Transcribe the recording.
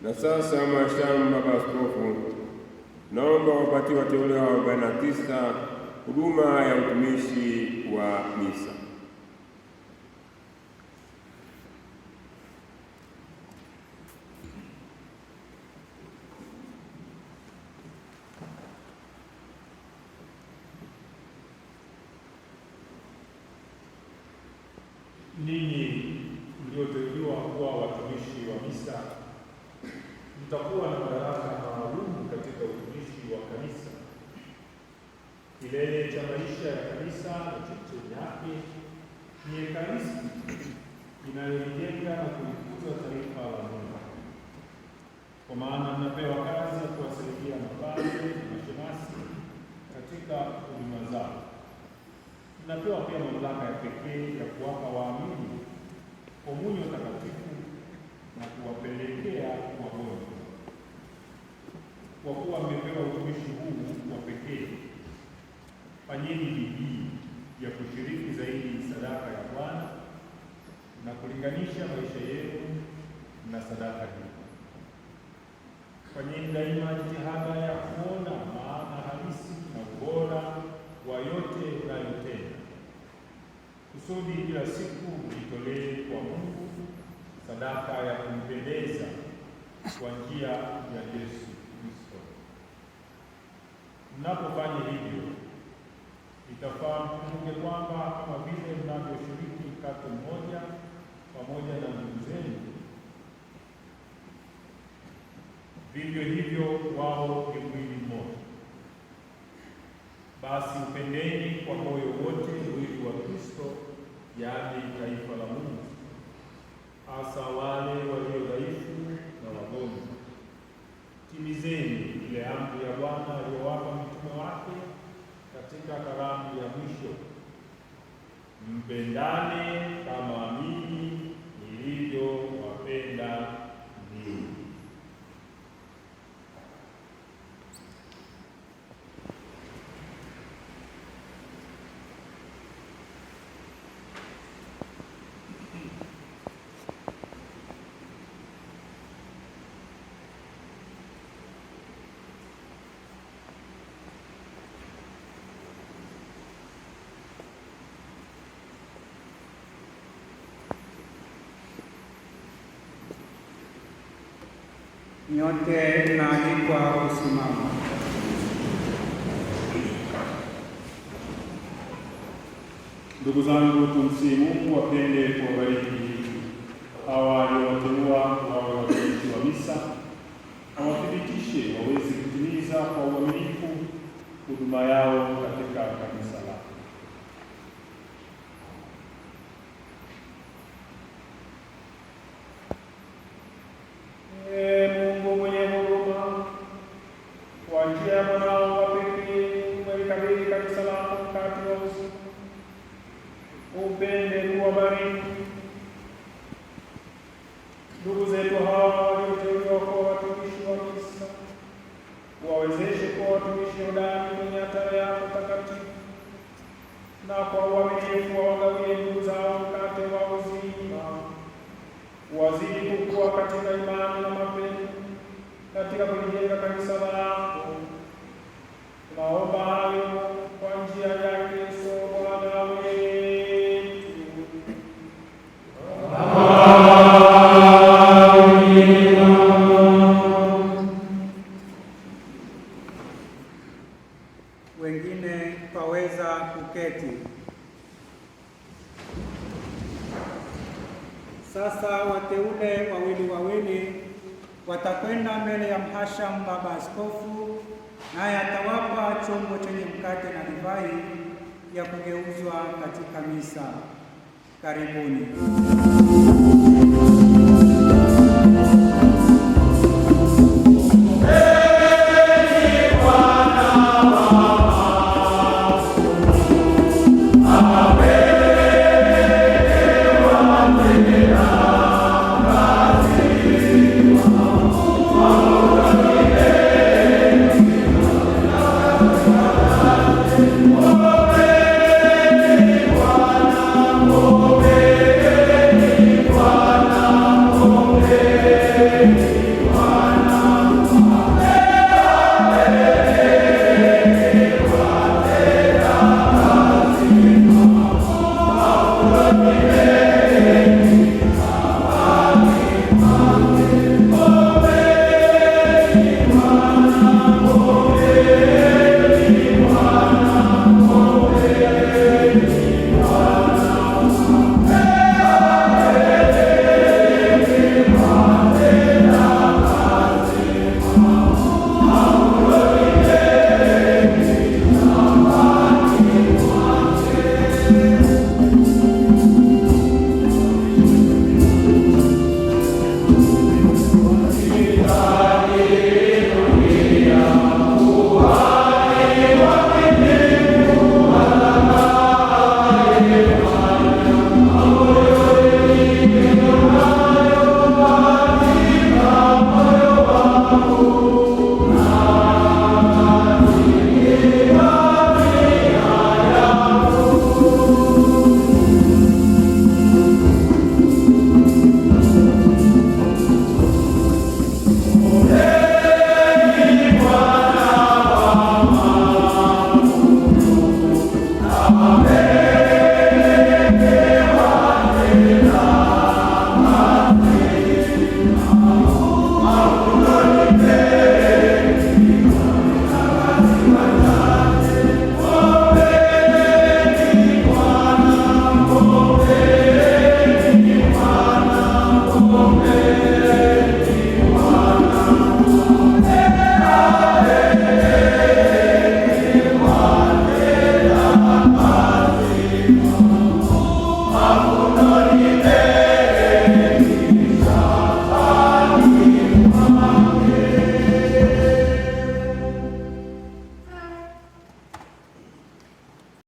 Na sasa mwashamu, baba askofu, naomba wapati wateule wa arobaini na tisa huduma ya utumishi wa misa. Ninyi mlioteuliwa kuwa watumishi wa misa tutakuwa na baraka maalum katika utumishi wa kanisa. Kilele cha maisha ya kanisa na chemchemi yake ni Ekaristi inayolijenga na kulikuza taifa la Mungu. Kwa maana mnapewa kazi ya kuwasaidia mapadre na mashemasi katika huduma zao. Mnapewa pia mamlaka ya pekee ya kuwapa waamini komunyo takatifu na kuwapelekea wagonjwa kwa kuwa mmepewa utumishi huu wa pekee, fanyeni bidii ya kushiriki zaidi sadaka ya Bwana na kulinganisha maisha yenu na sadaka hiyo. Fanyeni daima jitihada ya kuona Mnapofanya hivyo, itafaa mkumbuke kwamba kama vile mnavyoshiriki mkate mmoja pamoja na ndugu zenu, vivyo hivyo wao ni mwili mmoja. Basi upendeni kwa moyo wote mwili wa Kristo, yaani taifa la Mungu, hasa wale walio dhaifu Bendane kama Nyote mnaalikwa kusimama. Ndugu zangu, tumsihi Mungu apende kuwabariki hawa aliowateua wawe watumishi wa misa, awathibitishe waweze kutimiza kwa uaminifu huduma yao katika Wanahabari, ndugu zetu hawa walioteuliwa kuwa watumishi wa Kanisa, wawezeshe kuwa watumishi hodari kwenye hatara yako takatifu, na kwa uaminifu wawagawie ndugu zao mkate wa uzima. Wazidi kukua katika imani na mapendo katika kulijenga kanisa lako, tunaomba hayo kwa njia ya Wengine twaweza kuketi. Sasa wateule wawili wawili watakwenda mbele ya mhashamu baba askofu, naye atawapa chombo chenye mkate na divai ya kugeuzwa katika misa. Karibuni.